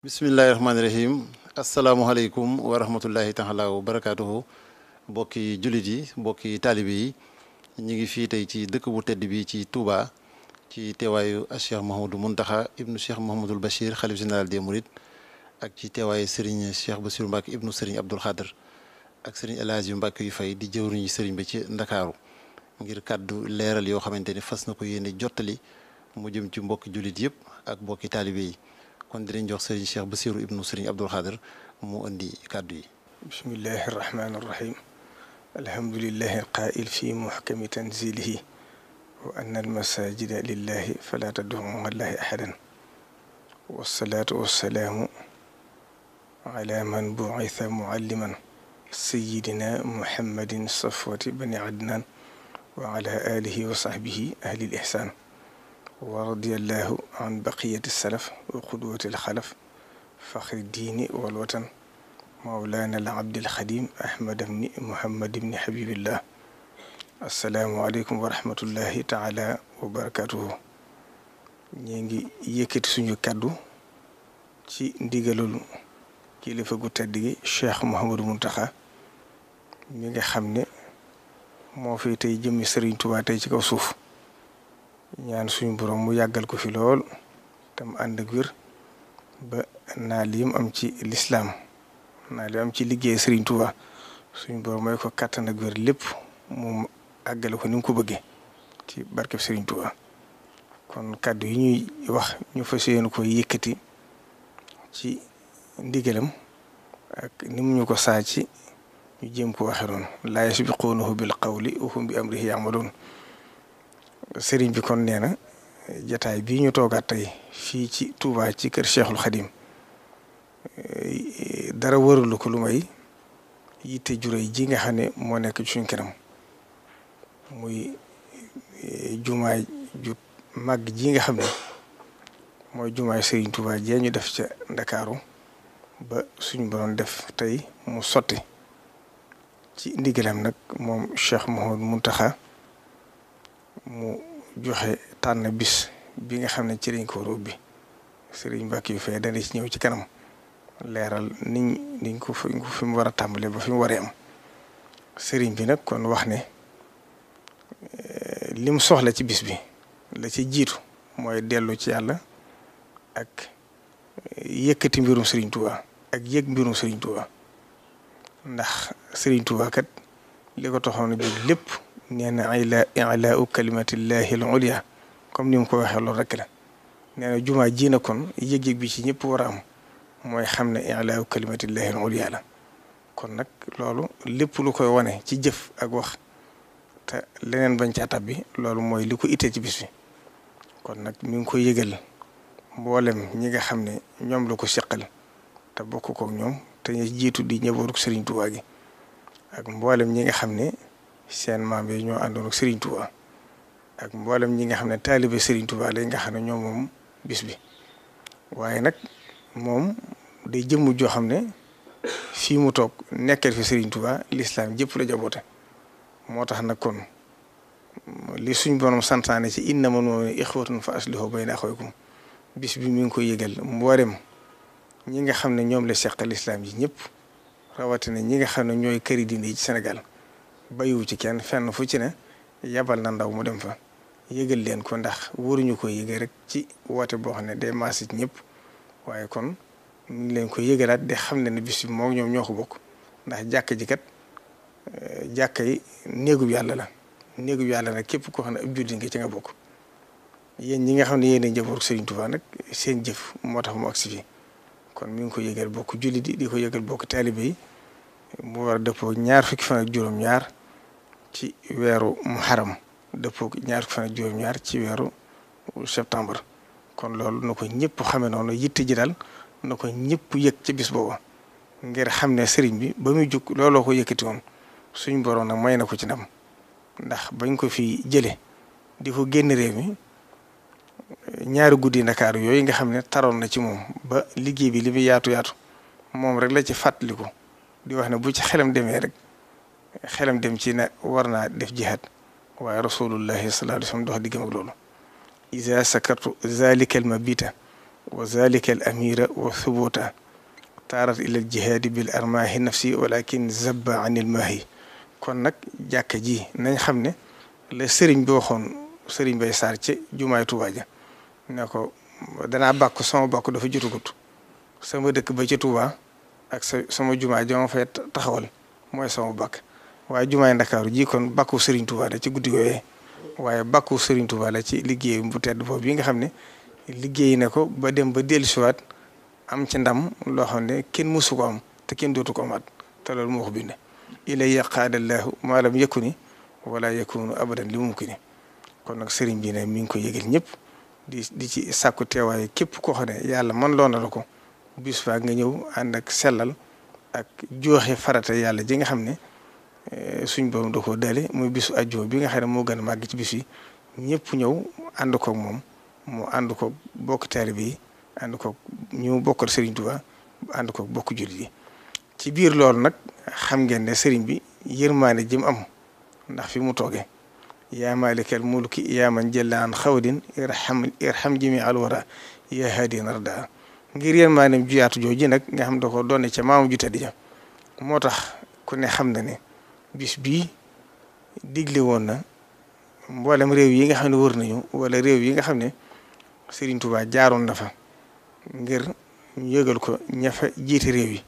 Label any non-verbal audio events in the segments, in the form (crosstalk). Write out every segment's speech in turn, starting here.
بسم الله الرحمن الرحيم السلام عليكم ورحمة الله تعالى وبركاته بوكي جلدي بوكي طالبي نيجي في تيجي دك بوتدي بي تي توبا تي تواي الشيخ محمود منتخا ابن الشيخ محمود البشير خليفة جنرال دي مريد اك تي سرين الشيخ بسير مباك ابن سرين عبد الخادر اك سرين الازي مباك يفاي دي جوريني سرين بيتي ندكارو ngir kaddu leral yo xamanteni fas na ko yene jotali mu jëm ci mbokk julit كون دي نجوخ سيرين شيخ بصير ابن سيرين عبد الخادر مو اندي كادو بسم الله الرحمن الرحيم الحمد لله قائل في محكم تنزيله وان المساجد لله فلا تدعوا مع الله احدا والصلاه والسلام على من بعث معلما سيدنا محمد صفوة بن عدنان وعلى آله وصحبه أهل الإحسان ورضي الله عن بقية السلف وقدوة الخلف فخر الدين والوطن مولانا العبد الخديم أحمد بن محمد بن حبيب الله السلام عليكم ورحمة الله تعالى وبركاته نيجي يكت سنيو كادو تي ديغلول كي لفا غو شيخ محمد منتخا نيجي خمني مو في تي جيمي سرين توا تي كاو ñaan suñu borom mu yàggal ko fi lool tam ànd ak wér ba naa lim am ci lislaam naa lim am ci liggéey Serigne Touba suñu borom may ko kattan ak wér lépp mu àggale ko ni mu ko bëggee ci barkeb Serigne Touba kon kàddu yi ñuy wax ñu fas yéene ko yëkkati ci ndigalam ak ni mu ñu ko saa ci ñu jéem ko waxe noonu laa yasbiquunahu bil qawli wa hum bi amrihi ya'maluun sëriñ bi kon nee na jataay bii ñu toogaat tey fii ci Touba ci kër Cheikhul Khadim eh, dara wërulu ko lu may yitte juróoy ji nga xam ne moo nekk suñ kanam muy eh, jumaay ju màgg ji nga xam mooy jumaay sëriñ Touba jee ñu def ca Ndakaaru ba suñ borom def tey mu sotti ci ndigalam nag moom Cheikh Mouhamadou Mountakha mu joxe tànn bis bi nga xam ne ci lañ ko war a ubbi sëriñ Mbacke Faye dana ci ñëw ci kanam leeral niñ niñ ko fi ko fi mu war a tàmbalee ba fi mu waree am sëriñ bi nag kon wax ne eh, lim soxla ci bis bi la ci jiitu mooy dellu ci yàlla ak eh, yëkkati mbirum sëriñ Touba ak yëg mbirum sëriñ Touba ndax sëriñ Touba kat li ko taxoon a jóg lépp. nee na ila u kalimatillahi al ulia comme ni mu ko waxee loolu rek la nee na jumaa ji na kon yëg-yëg bi ci ñëpp war a am mooy xam ne ilaau kalimatillahi al ulia la kon nag loolu lépp lu koy wane ci jëf ak wax te leneen bañ ca tab bi loolu mooy li ko ittee ci bis bi kon nag mi ngi koy yëgal mboolem ñi nga xam ne ñoom la ko seqal te bokk ko ñoom te ñu jiitu di ñëbooru Serigne Touba gi ak mboolem ñi nga xam ne seen maam yi ñoo àndoon ak Serigne ak mboolem ñi nga xam ne taalibe Serigne Touba lañ nga xam ne ñoom moom bis waaye nag moom day jëmm joo xam ne fii mu toog nekkee fi Serigne Touba lislaam jëpp la jaboote moo tax nag kon li suñ borom santaane ci innamal mu'minuuna ixwatun fa aslihu bayna axawaykum bi mi ngi koy yëgal mboolem ñi nga xam ne ñoom la seqal lislaam yi ñëpp rawatina ñi nga xam ne ñooy këri diine yi ci Sénégal. bayiwu ci kenn fenn fu ci ne yabal na ndaw mu dem fa yëgal leen ko ndax waruñu ko yëgal rek ci woote boo xam ne de maasi ñëpp waaye kon ñu ngi leen ko yëgalaat de xam ne ne bis bi ñoo ko bokk ndax jàkka ji kat eh, yi néegub yàlla la néegub yàlla nag képp koo xam ne ab jullit nga nga bokk yéen ñi nga xam ne yéen a njaboot Serigne Touba seen jëf moo tax mu agsi kon mi ngi koy yëgal bokk jullit yi di ko yëgal bokk taalibe yi mu war a dëppoo ñaar fukki fan ak juróom-ñaar. ci weeru muharam dëppoo ñaar fan ak juróom-ñaar ci weeru septembre kon loolu na ko ñëpp xame noonu yitte ji daal na ko ñëpp yëg ci bis boobu ngir xam ne sëriñ bi ba muy jug looloo ko yëkkati woon suñ borom nag may na ko ci ndam ndax bañ ko fi jële di ko génn réew mi ñaari guddi ndakaaru yooyu nga xam ne taroon na ci moom ba liggéey bi li muy yaatu yaatu moom rek la ci fàttaliku di wax ne bu ci xelam demee rek. xelam dem ci ne war naa def jihaad waaye rasulullahi sallallahu alayhi wa sallam dox diggam ak loolu ida sakartu zalika al mabita wa zalika al amira wa thubuta taarat ila al jihaadi bil armahi nafsi walakin zabba an il maahi kon nag jàkka ji nañ xam ne la sëriñ bi waxoon sëriñ bay saar ci jumaay Tuubaa ja ne ko danaa bàkk sama bàkk dafa jotugut sama dëkk ba ci Tuubaa ak sa sama jumaa ja ma fay taxawal mooy sama bàkk waaye jumaay Ndakaaru ji kon bàkku Serigne Touba la ci waaye bàkku Serigne Touba ci liggéey bu tedd boobu yi nga xam ne liggéey na ko ba dem ba dellusiwaat am ci ndam loo xam ne kenn mësu ko am te kenn dootu ko amaat te loolu moo ko bind ilay qaadallaahu maa lam yakuni wala yakunu abadan li mumkini kon nag Serigne bi ne mi ngi ko yëgal ñëpp di di ci sàkku teewaay képp koo xam yàlla man loo na la ko bis faa nga ñëw ànd ak sellal ak jooxe farata yàlla ji nga xam ne Eh, suñ borom da koo dale muy bisu ajjuma bi nga xam ne moo gën a màgg ci bis yi ñëpp ñëw ànd koog moom mu ànd koog bokk taalibe yi ànd koog ñu bokkal Serigne Touba ànd koog bokk jullit yi ci biir loolu nag xam ngeen ne Serigne bi yërmaane jëm am ndax fi mu toogee yaa maalikal mulki yaa man jëllaan xawdin irham irham jimi alwara yaa haadi narda ngir yërmaaneem juyaatu jooju nag nga xam da ko doone ca maamu ju tedd ja moo tax ku ne xam na bis bii digle woon na mboolem réew yi nga xam ne wër nañu wala réew yi nga xam ne Serigne Touba jaaroon na fa ngir ñu yëgal ko ña fa jiite réew yi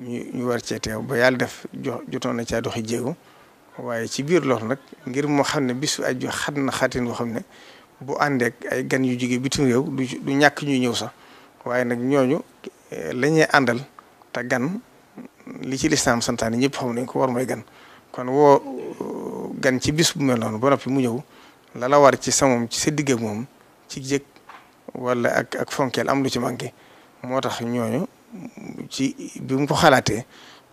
ñu ñu war cee teew ba yàlla def jox jotoon na caa doxi jéego waaye ci biir loolu nag ngir moo xam ne bisu aju xat na xatin boo xam ne bu àndeek ay gan yu jóge bitim réew du ñàkk ñuy ñëw sax waaye nag ñooñu eh, la àndal te gan. li ci santaan santaane ñëpp xam nañ ko war mooy gan kon woo gan ci bis bu mel noonu ba noppi mu ñëw la la war ci sa ci sa digg moom ci jëkk walla ak ak fonkeel am lu ci manqué moo tax ñooñu ci bi xalaatee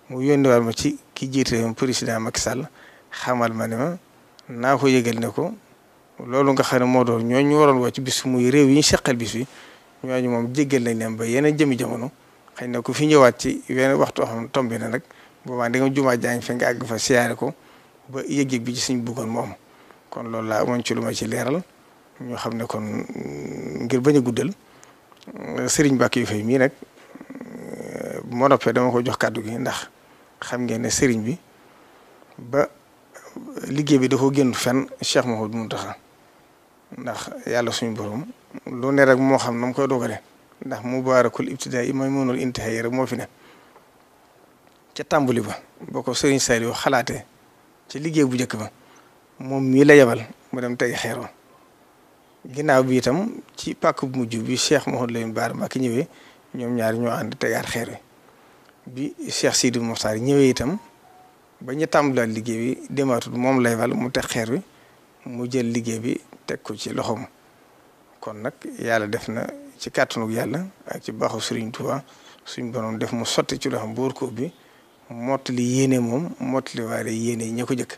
mu yónniwaat ma ci ki jiite président Macky Sall xamal ma ne ma naa ko yëgal ne ko loolu nga xam ne moo doon ñooñu waroon woo ci bis muy réew yi ñu seqal bis bi ñooñu moom jéggal nañ leen ba yeneen jëmi jamono. xëy na ku fi ñëwaat ci wenn waxtu xam na nag boobaa da nga jumaa jaañ fi nga àgg fa ko ba yëg bi ci suñ bëggoon moom kon loolu laa amoon ci lu ma ci leeral ñoo xam ne kon ngir bañ a guddal sëriñ Mbacke mii nag bu dama ko jox kàddu gi ndax xam ngeen ne sëriñ bi ba liggéey bi da ko génn fenn Cheikh Mouhamadou Mountakha ndax yàlla suñu borom lu ne rek moo xam na koy dogale ndax mu mubaarakul ibtidaa yi mooy mënul intere yi rek moo fi ne ca tàmbali ba boo ko Serigne Saliou xalaate ci liggéey bu njëkk ba moom mii la yebal mu dem tey xeeroo ginnaaw bi itam ci pàkk bu mujj bi Cheikh Mouhamadou Lamine Bara Mbacké ñëwee ñoom ñaar ñoo ànd xeer bi Cheikh Sidi Mokhtar ñëwee itam ba ñu tàmbalaat liggéey bi demaatul moom la yebal mu teg xeer wi mu jël liggéey bi teg ko ci loxoom kon nag yàlla def na. ci kàttanu yàlla ak ci baaxu Serigne Touba suñ borom def mu sotti ci loo xam boor ko bi mottali yéene moom mottali waale yéene ña ko jëkk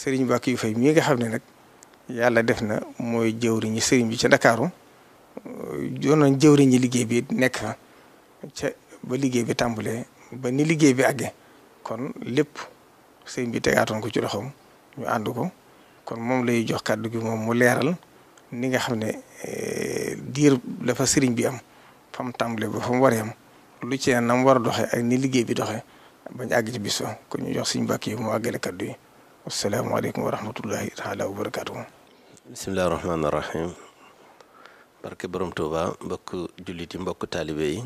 Serigne yu fay mii nga xam ne nag yàlla def na mooy jëwriñu sëriñ bi ca Ndakaaru doon nañ jëwriñu liggéey bi nekk fa ca ba liggéey bi tàmbalee ba ni liggéey bi àggee kon lépp Serigne bi tegaatoon ko ci loxoom ñu ànd ko kon moom lay jox kàddu gi moom mu leeral. ni nga xam ne eh, diir la fa sëriñ bi am fa mu tàmbalee ba fa mu waree am lu ci ne na mu war a doxee ak ni liggéey bi doxee bañ àgg ci bis ba kon ñu jox suñu mbàkk mu àggale kaddu yi a wa rahmatullahi taala wa barakaatu. bisimilah rahmaani barke borom Touba mbokk jullit mbokk taalibe yi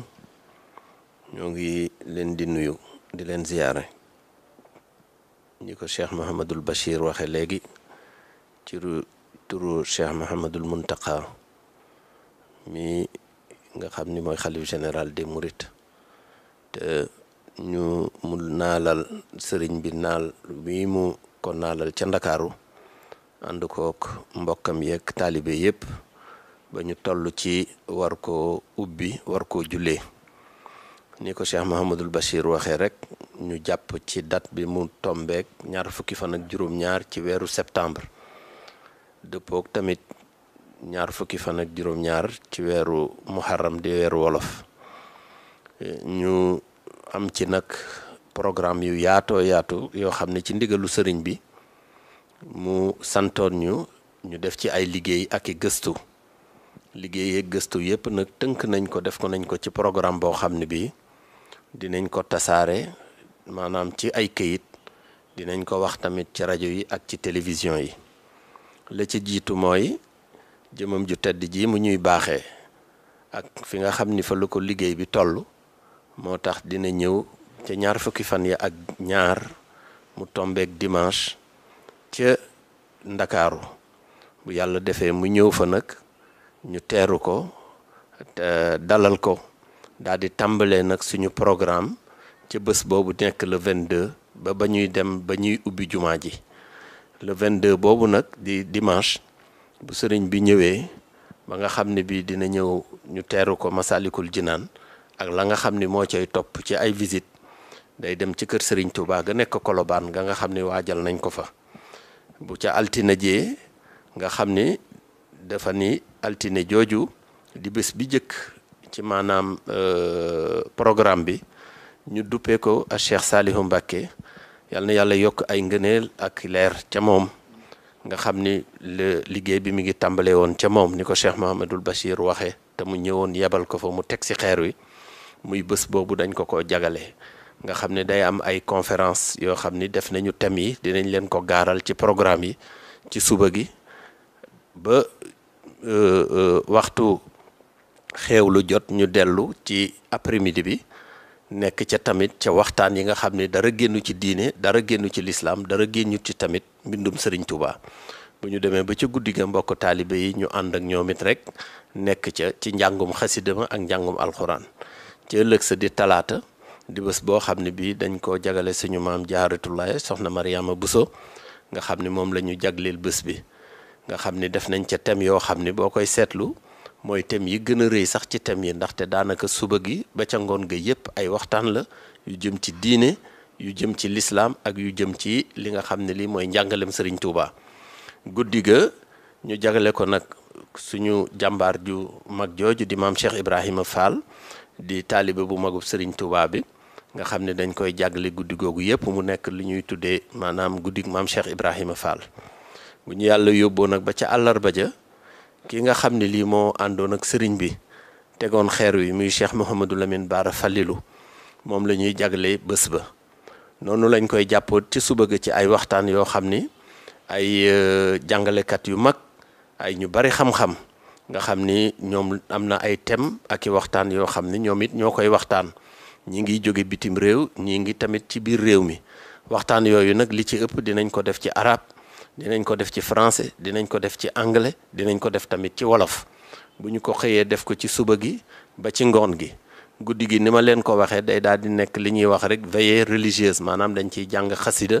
ñoo ngi leen di nuyu di leen ziyaare. ñi ko cheikh Mouhamadul Bachir waxe léegi turu Cheikh Mouhamadul Mountakha mi nga xam ni mooy xalif général de Mourides te ñu mu naalal sëriñ bi naal bii mu ko naalal ca Ndakaaru ànd kook mbokkam yeeg taalibe yëpp ba ñu toll ci war koo ubbi war koo jullee ni ko Cheikh Mahamadul Bachir waxee rek ñu jàpp ci date bi mu tombeek ñaar fukki fan ak juróom-ñaar ci weeru septembre dëppook tamit ñaar fukki fan ak juroom ñaar ci wéru muharram di wéru wolof ñu am ci nak programme yu yaato yaatu yo xamne ci ndigalu serigne bi mu santor ñu ñu def ci ay liggéey ak i gëstu liggéey ak gëstu yépp nak teunk nañ ko def ko nañ ko ci programme bo xamne bi bii dinañ ko tassaré manam ci ay këyit dinañ ko wax tamit ci radio yi ak ci télévision yi la ci jiitu mooy jëmam ju tedd ji mu ñuy baaxee ak fi nga xam ni fa lu ko liggéey bi toll moo tax dina ñëw ca ñaar fukki fan yi ak ñaar mu tombeek dimanche ca ndakaaru bu yàlla defee mu ñëw fa nag ñu teeru ko dalal ko daldi tàmbalee nag suñu programme ca bés boobu nekk le 22 ba ba ñuy dem ba ñuy ubbi jumaa ji le vingt deux boobu nag di dimanche bu sëriñ bi ñëwee ba nga xam ne bii dina ñëw ñu teeru ko Masalikul Jinaan ak la nga xam ni moo cay topp ci ay visite day dem ci kër sëriñ Touba ga nekk Kolobaan ga nga xam ni waajal nañ ko fa bu ca altine jee nga xam ni dafa ni altine jooju di bés bi jëkk ci maanaam euh, programme bi ñu duppee ko a Cheikh Salihu Mbacké yalna yalla yok ay ngëneel ak leer ca mom nga xamni le liguey bi mi ngi tàmbale won ca mom niko Cheikh Mouhamadul Bachir waxe te mu ñëwoon yebal ko fa mu teg si xeer wi muy bëss bobu dañ ko ko jagalé nga xamni day am ay conférence Yo xamni def nañu tam yi dinañ leen ko garal ci programme yi ci suba gi ba euh, euh, waxtu xewlu jot ñu dellu ci après-midi bi Nek ci tamit ci waxtaan yi nga xam dara gennu ci diine dara gennu ci l'islam dara gennu ci tamit bindum serigne Touba bu ñu demee ba ci guddiga mbokk taalibe yi ñu and ak ñoom rek nek ci ci njangum khassidama ak njangum ci ëlëk sa di talata di bés bo xam bi dañ ko jagalé suñu mam soxna Mariama Buso nga xam mom lañu jaglél ñu bi nga xam def nañ ci thème yo xam bokoy moy thème yi gëna a sax ci thème yi ndaxte daanaka suba gi ba ca ngon ga yépp ay waxtaan la yu jëm ci diiné yu jëm ci l'islam ak yu jëm ci li nga xamné li moy mooy Serigne Touba guddi ga ñu ko nak suñu jambar ju mag joju di mam Cheikh Ibrahima Fall di talibé bu magu Serigne Touba bi nga xamné dañ koy jàggale guddi gu yépp mu nekk li ñuy tuddé manam guddik mam Cheikh Ibrahima Fall bu ñu yalla yobbo nak ba ca àllarba ja ki nga xamni li mo andon ak serigne bi tegon xeer wi muy cheikh Mouhamadou Lamine bar Fallilu mom lañuy jagle busba. ba nonu lañ koy jappot ci suba ci ay waxtaan yo xamni ay euh, ay kat yu mag ay ñu bari xam-xam nga xamni ñom amna ay tem ak waxtaan yoo xam it ñokoy waxtaan ñi ngi bitim rew ñi ngi tamit ci bir rew mi waxtaan yoyu nak li ci ëpp dinañ ko def ci arab dinañ ko def ci français dinañ ko def ci anglais dinañ ko def tamit ci wolof bu ko xeyé def ko ci suba gi ba ci ngon gi guddi gi nima len ko waxee day dal di nek li wax rek veillée religieuse manam dañ ci jang khassida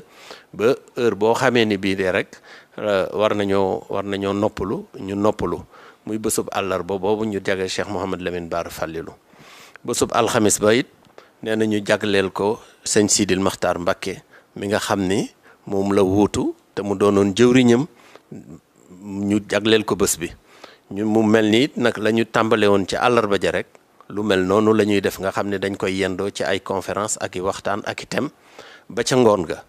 ba heure bo xamé ni bi dé rek euh, war nañu war nañu noppulu ñu noppulu muy bësub bo bobu ñu cheikh mohamad lamin bar fallilu bësub al khamis bayit nee na ñu ko seigne sidil makhtar mbakke mi nga xamni ni la wootu te mu doonoon jëwriñam ñu jaglel ko bés bi ñu mu mel ni nag la ñu tàmbale woon ci àllarba ja rek lu mel noonu la ñuy def nga xam ne dañ koy yendoo ci ay conférence ak i waxtaan ak i tem ba ca ngoon ga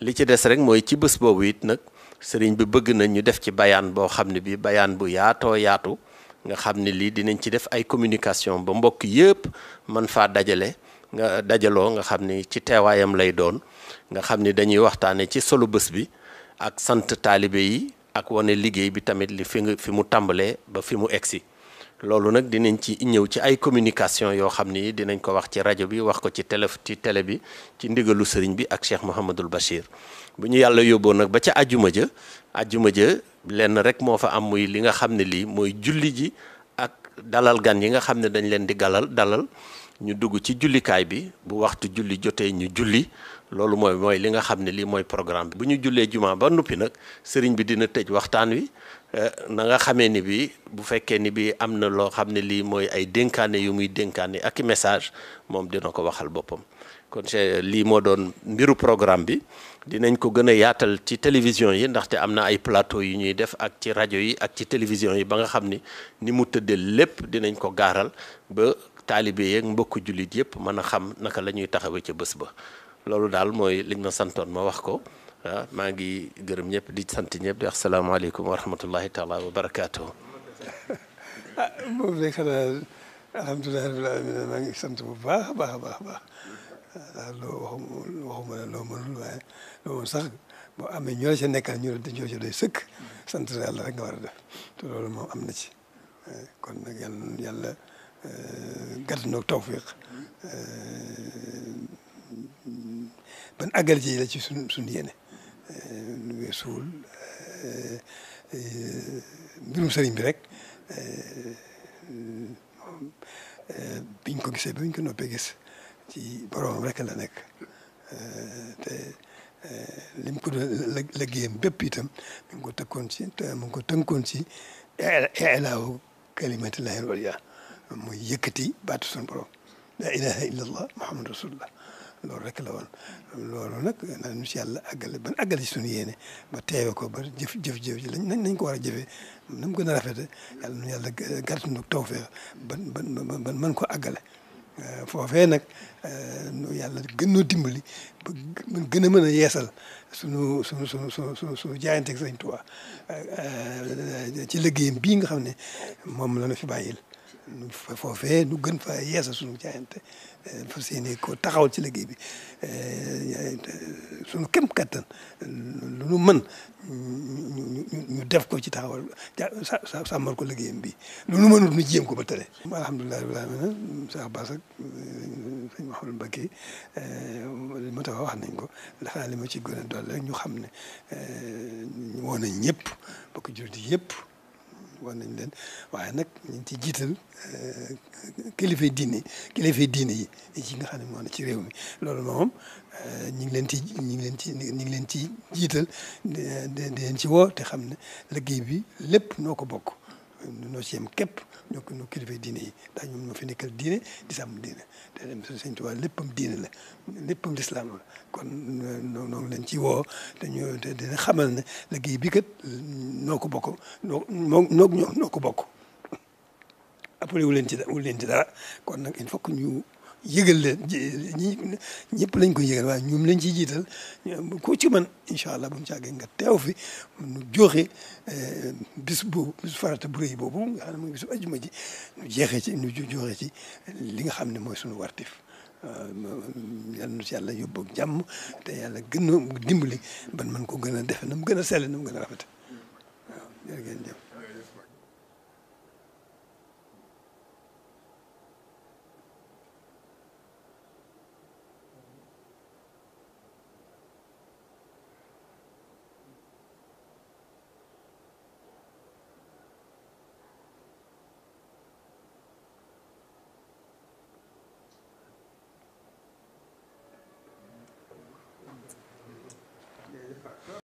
li ci des rek mooy ci bés boobu it nag sëriñ bi bëgg na ñu def ci bayaan boo xam ne bi bayaan bu yaatoo yaatu nga xam ne lii dinañ ci def ay communication ba mbokk yépp man faa dajale nga dajaloo nga xam ni ci teewaayam lay doon nga xam dañuy waxtaane ci solo bés bi ak sante talibé yi ak woné liggéey bi tamit li fi fi mu tambalé ba fi mu exi loolu nak dinañ ci ñëw ci ay communication yo xamni dinañ ko wax ci radio bi wax ko ci télé ci télé bi ci ndigalu sëriñ bi ak Cheikh Mouhamadul Bachir bu ñu ba ci aljuma ja aljuma ja lenn rek mo fa am muy li nga xamni li moy julli ji ak dalal gan yi nga xamni dañ leen di galal dalal ñu dugg ci kay bi bu waxtu julli jotee ñu julli loolu moy moy li nga xamne li moy programme bi bu juma ba nupi nak sëriñ bi dina tejj waxtaan wi eh, na nga xamé ni bi bu féké ni bi amna lo loo li moy ay yu muy ak message mom dina ko waxal bopam kon c'est li mo doon mbiru programme bi dinañ ko gëna yaatal ci télévision yi ndaxte am na ay plateau yu ñuy def ak ci radio yi ak ci télévision yi ba nga xamni ni mu tëddee lépp dinañ ko garal ba talibé yeeg mbokk julit yépp mëna xam naka lañuy taxawé ci bëss ba loolu daal mooy liñ ma santoon ma wax ko ah maa ngi gërëm ñëpp di sant ñëpp di wax salaamaaleykum wa rahmatullahi taala wa barakaatu. (laughs) ah moom de sant bu baax baax a baax a baax ah, sax boo amee ñoo la ca nekkal ne ñoo ca doy sëkk sant yàlla rek nga war a def te loolu moom am na eh, kon nag yàlla yàlla eh, gàtt àggale ci la ci suñ suñ yéene nu weesuwul mbirum sëriñ bi rek biñ ko gisee biñ ko noppee gis ci boroomam rek la nekk te lim ko doon liggéeyam bépp itam mi ngi ko tëkkoon ci te mu ngi ko tënkoon ci ilaahu kalimatillahi al-ulya muy yëkkati baatu suñu borom la ilaha illa allah muhammadu rasulullah loolu rek la woon loolu nag nañu si yàlla àggale ban àggale si suñu yéene ba teewe ko ba jëf jëf jëf ji lañ nañ ko war a jëfee nam mu gën a rafete yàlla nu yàlla gàtt nu tawfeex ban ban ban mën ko àggale euh, foofee nag euh, nu yàlla gën noo dimbali ba gën a mën a yeesal sunu sunu sunu sunu sunu sunu jaayanteeg Sëriñ Tuubaa euh, ci liggéeyam bii nga xam ne moom la nu fi bàyyil foofee nu gën fa yeesa suñu jaayante eh, fas yéene ko taxawal ci liggéey bi eh, eh, suñu kem kattan lu nu mën ñu def ko ci taxawal sàmmal ko liggéeyam bi lu nu mënut nu jéem ko ba tële alhamdulilah rabbil alamin Cheikh Bass ak sëñ Mouhamadou Mbacké li ma tax wax nañ ko xanaa li ma ci gën a dolli rek ñu xam ne woon nañ ñëpp bokk jur di yëpp wan nañ leen waaye nag ñu ngi ciy jiital euh, kilifay diine kilifay diine yi yi nga xam ne moo ci réew mi loolu moom euh, ñu ngi leen ci ñu ngi leen ci ñu ngi leen ci jiital di leen ci woo te xam ne liggéey bi lépp noo ko bokk. ñoo si yem képp ñoo ñoo kilifa diine yi daa ñoom ñoo fi nekkal diine di sàmm diine te dem sëñ Tuubaa léppam diine la léppam lislaam la kon noonu lañ ci woo te ñu te ne liggéey bi kat noo ko bokk noo noo noo ko bokk après wu leen ci dara wu leen kon nag il faut ñu yëgal leen ñi ñëpp lañ koy yëgal waaye ñoom lañ ci jiital ku ci man incha allah bu mu càggee nga teew fi nu joxe eh, bis boobu bis farata bu boobu nga xam ne mooy bisu ji nu jeexee ci nu joxe ci li nga xam ne mooy suñu wartif yal na ci yàlla yóbbu ak jàmm te yàlla gën a dimbali ban man ko gën a defe na mu gën a sell na mu gën a rafet waaw jërëjëf